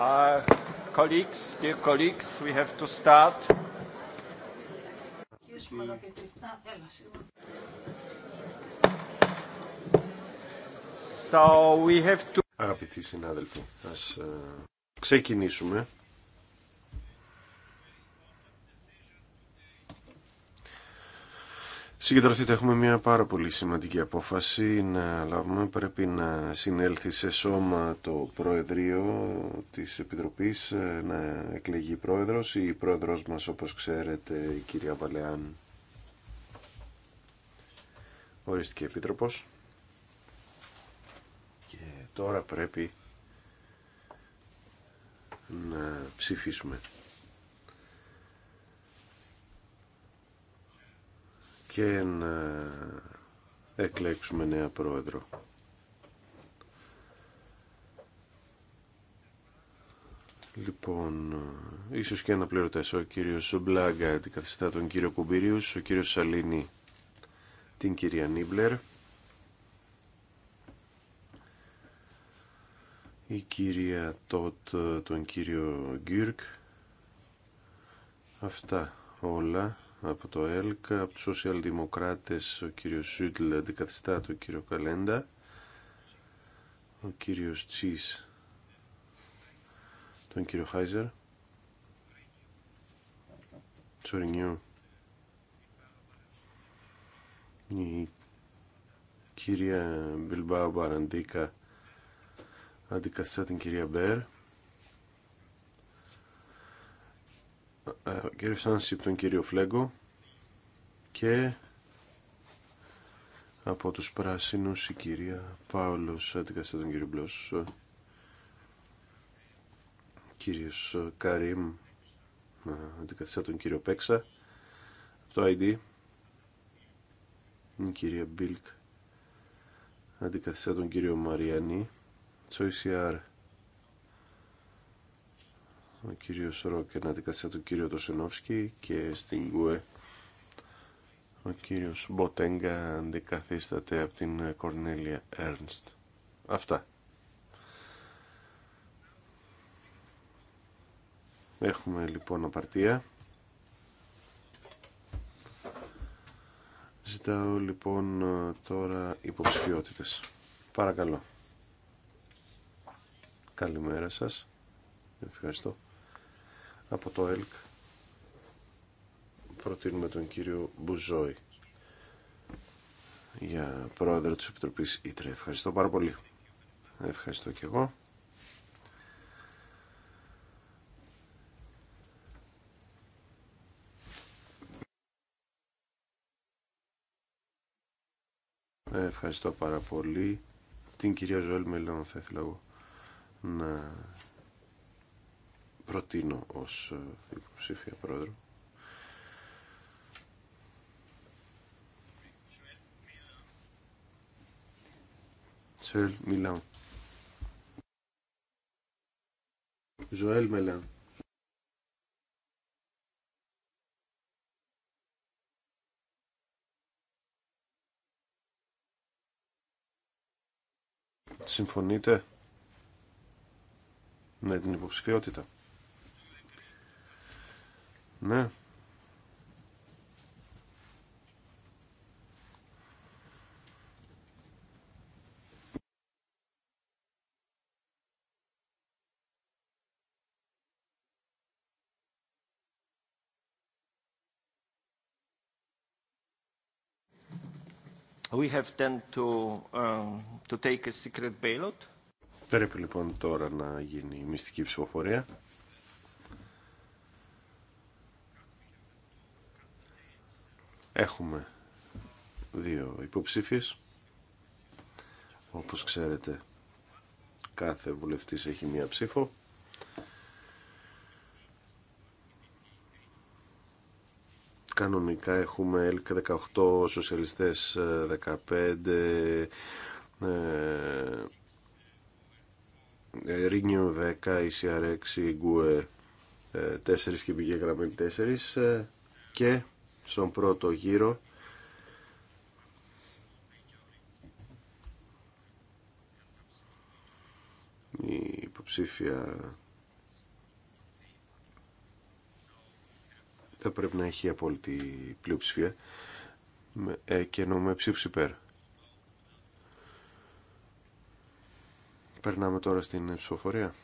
Uh, colleagues, dear colleagues, we have to start. So we have to... Αγαπητοί συνάδελφοι, ας ξεκινήσουμε. Συγκεντρωθείτε, έχουμε μια πάρα πολύ σημαντική απόφαση να λάβουμε. Πρέπει να συνέλθει σε σώμα το Προεδρείο της Επιτροπής, ε, να εκλεγεί πρόεδρος. Η πρόεδρος μας, όπως ξέρετε, η κυρία Βαλεάν, ορίστηκε επίτροπος. Και τώρα πρέπει να ψηφίσουμε. και να εκλέξουμε νέα πρόεδρο. Λοιπόν, ίσως και ένα αναπληρωτές ο κύριος Μπλάγκα αντικαθιστά τον κύριο Κουμπίριους, ο κύριος Σαλίνη την κυρία Νίμπλερ, η κυρία Τότ τον κύριο Γκύρκ, αυτά όλα από το ΕΛΚΑ, από τους σοσιαλδημοκράτες ο κύριος Σούτλ αντικαθιστά τον κύριο Καλέντα, ο κύριος Τσίς τον κύριο Χάιζερ, Τσορινιού, η κυρία Μπιλμπάου Μπαραντίκα αντικαθιστά την κυρία Μπέρ, Ε, κύριο Σάνσιπ, τον κύριο Φλέγκο και από τους πράσινους η κυρία Πάολος αντικαστά τον κύριο Μπλος κύριος Καρίμ ε, αντικαθιστά τον κύριο Πέξα από το ID η κυρία Μπίλκ αντικαθιστά τον κύριο Μαριανή στο ο κύριος Ρόκερ και του τον κύριο Τοσενόφσκι και στην ΚΟΕ ο κύριος Μποτέγκα αντικαθίσταται από την Κορνέλια Έρνστ. Αυτά. Έχουμε λοιπόν απαρτία. Ζητάω λοιπόν ε, τώρα υποψηφιότητες. Παρακαλώ. Καλημέρα σας. Ευχαριστώ από το ΕΛΚ προτείνουμε τον κύριο Μπουζόη για πρόεδρο της Επιτροπής Ήτρε. Ευχαριστώ πάρα πολύ. Ευχαριστώ και εγώ. Ευχαριστώ πάρα πολύ. Την κυρία Ζωέλ Μελών θα να προτείνω ως ε, υποψήφια πρόεδρο. Σελ Μιλάν. Ζωέλ Μελάν. Συμφωνείτε με την υποψηφιότητα. Ναι. Um, Πρέπει λοιπόν τώρα να γίνει η μυστική ψηφοφορία. Έχουμε δύο υποψήφιες. Όπως ξέρετε, κάθε βουλευτής έχει μία ψήφο. Κανονικά έχουμε ΕΛΚ 18, σοσιαλιστές 15, ΡΙΝΙΟ 10, ECR 6, ΓΚΟΕ 4 και πηγή γραμμή 4 ε, και στον πρώτο γύρο. Η υποψήφια θα πρέπει να έχει απόλυτη πλειοψηφία ε, και εννοούμε ψήφους υπέρ. Περνάμε τώρα στην ψηφοφορία.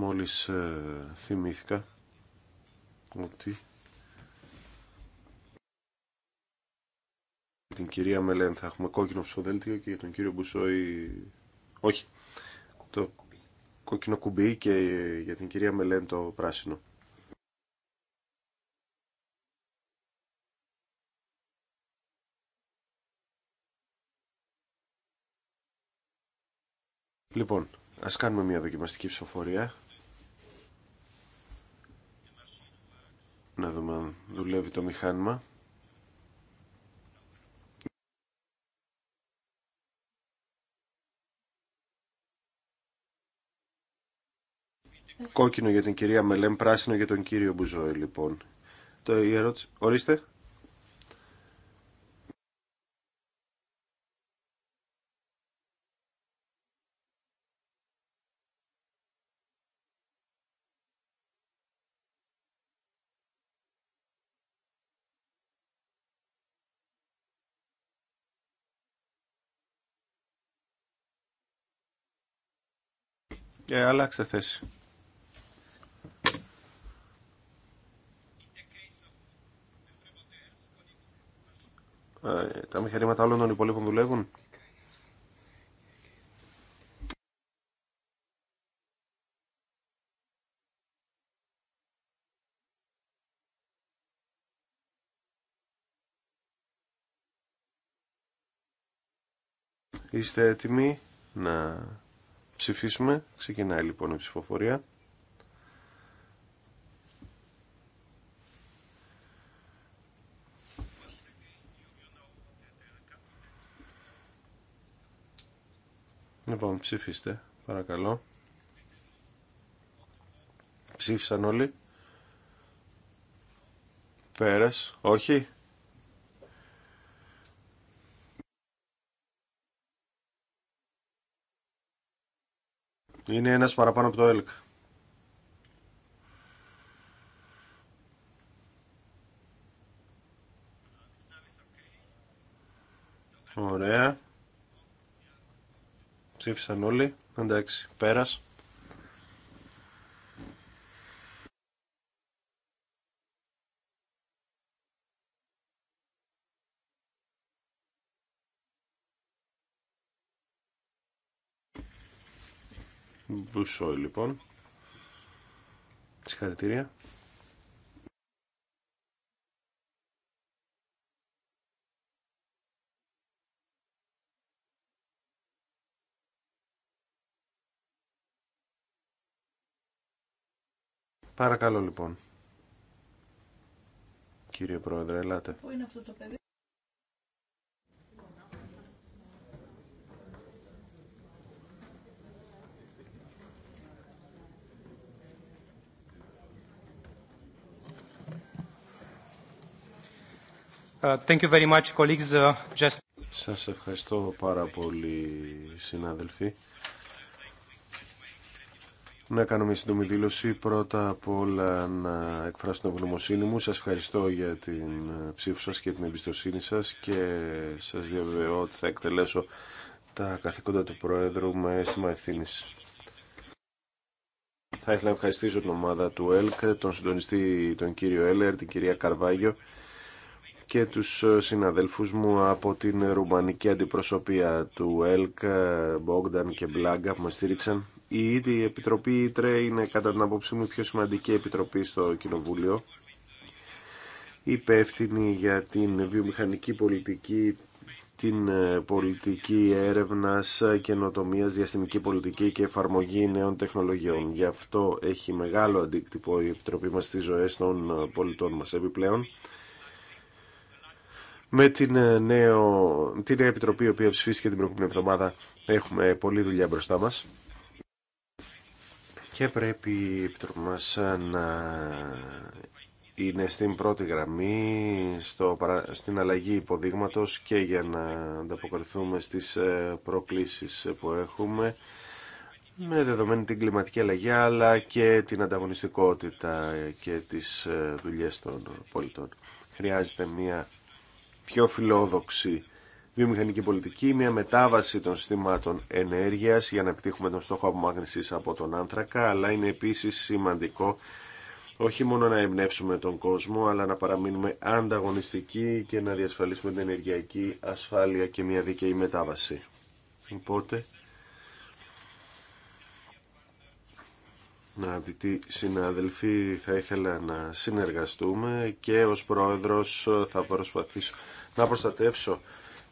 μόλις ε, θυμήθηκα ότι την κυρία Μελέν θα έχουμε κόκκινο ψηφοδέλτιο και για τον κύριο Μπουσόη όχι το κόκκινο κουμπί και για την κυρία Μελέν το πράσινο. Λοιπόν, ας κάνουμε μια δοκιμαστική ψηφοφορία. Να δούμε αν δουλεύει το μηχάνημα. Κόκκινο για την κυρία Μελέμ, πράσινο για τον κύριο Μπουζόη, λοιπόν. Το Ορίστε. Ε, αλλάξτε θέση. Ε, τα μηχανήματα όλων των υπολείπων δουλεύουν. Είστε έτοιμοι να ψηφίσουμε. Ξεκινάει λοιπόν η ψηφοφορία. Λοιπόν, ψηφίστε, παρακαλώ. Ψήφισαν όλοι. Πέρας, όχι. Είναι ένας παραπάνω από το ΕΛΚ. Ωραία. Ψήφισαν όλοι. Εντάξει, πέρας. Μπουσόη λοιπόν. Συγχαρητήρια. Παρακαλώ λοιπόν. Κύριε Πρόεδρε, ελάτε. Πού είναι αυτό το παιδί? Uh, thank uh, Σας ευχαριστώ πάρα πολύ, συνάδελφοι. Να κάνω μια σύντομη δήλωση. Πρώτα απ' όλα να εκφράσω την ευγνωμοσύνη μου. Σας ευχαριστώ για την ε, ψήφου σας και την εμπιστοσύνη σας και σας διαβεβαιώ ότι θα εκτελέσω τα καθήκοντα του Πρόεδρου με αίσθημα ευθύνη. Θα ήθελα να ευχαριστήσω την ομάδα του ΕΛΚ, τον συντονιστή τον κύριο Έλερ, την κυρία Καρβάγιο και τους ε, συναδέλφους μου από την ρουμανική αντιπροσωπεία του ΕΛΚ, ε, Μπόγκταν και Μπλάγκα που μας στήριξαν. Η ίδια η Επιτροπή ΙΤΡΕ είναι κατά την απόψη μου η πιο σημαντική επιτροπή στο Κοινοβούλιο. Υπεύθυνη για την βιομηχανική πολιτική, την ε, πολιτική έρευνας, καινοτομίας, διαστημική πολιτική και εφαρμογή νέων τεχνολογιών. Γι' αυτό έχει μεγάλο αντίκτυπο η Επιτροπή μας στις ζωές των πολιτών μας. Επιπλέον, με την, ε, νέο, την νέα επιτροπή η οποία ψηφίστηκε την προηγούμενη εβδομάδα έχουμε πολλή δουλειά μπροστά μας και πρέπει η επιτροπή μας ε, να είναι στην πρώτη γραμμή στο, στην αλλαγή υποδείγματος και για να ανταποκριθούμε στις ε, προκλήσεις που έχουμε με δεδομένη την κλιματική αλλαγή αλλά και την ανταγωνιστικότητα και τις δουλειές των πολιτών. Χρειάζεται μια πιο φιλόδοξη βιομηχανική πολιτική, μια μετάβαση των συστημάτων ενέργειας για να επιτύχουμε τον στόχο απομάκρυνση από τον άνθρακα, αλλά είναι επίσης σημαντικό όχι μόνο να εμπνεύσουμε τον κόσμο, αλλά να παραμείνουμε ανταγωνιστικοί και να διασφαλίσουμε την ενεργειακή ασφάλεια και μια δίκαιη μετάβαση. Οπότε, να αγαπητοί συνάδελφοι, θα ήθελα να συνεργαστούμε και ως πρόεδρος θα προσπαθήσω να προστατεύσω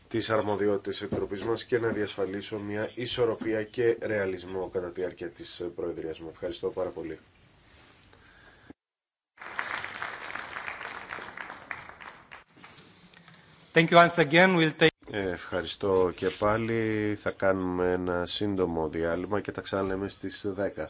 τις αρμοδιότητες επιτροπής μας και να διασφαλίσω μια ισορροπία και ρεαλισμό κατά τη διάρκεια της Προεδρίας μου. Ευχαριστώ πάρα πολύ. Thank you once again. We'll take... Ε, ευχαριστώ και πάλι. Θα κάνουμε ένα σύντομο διάλειμμα και τα ξαναλέμε στις 10.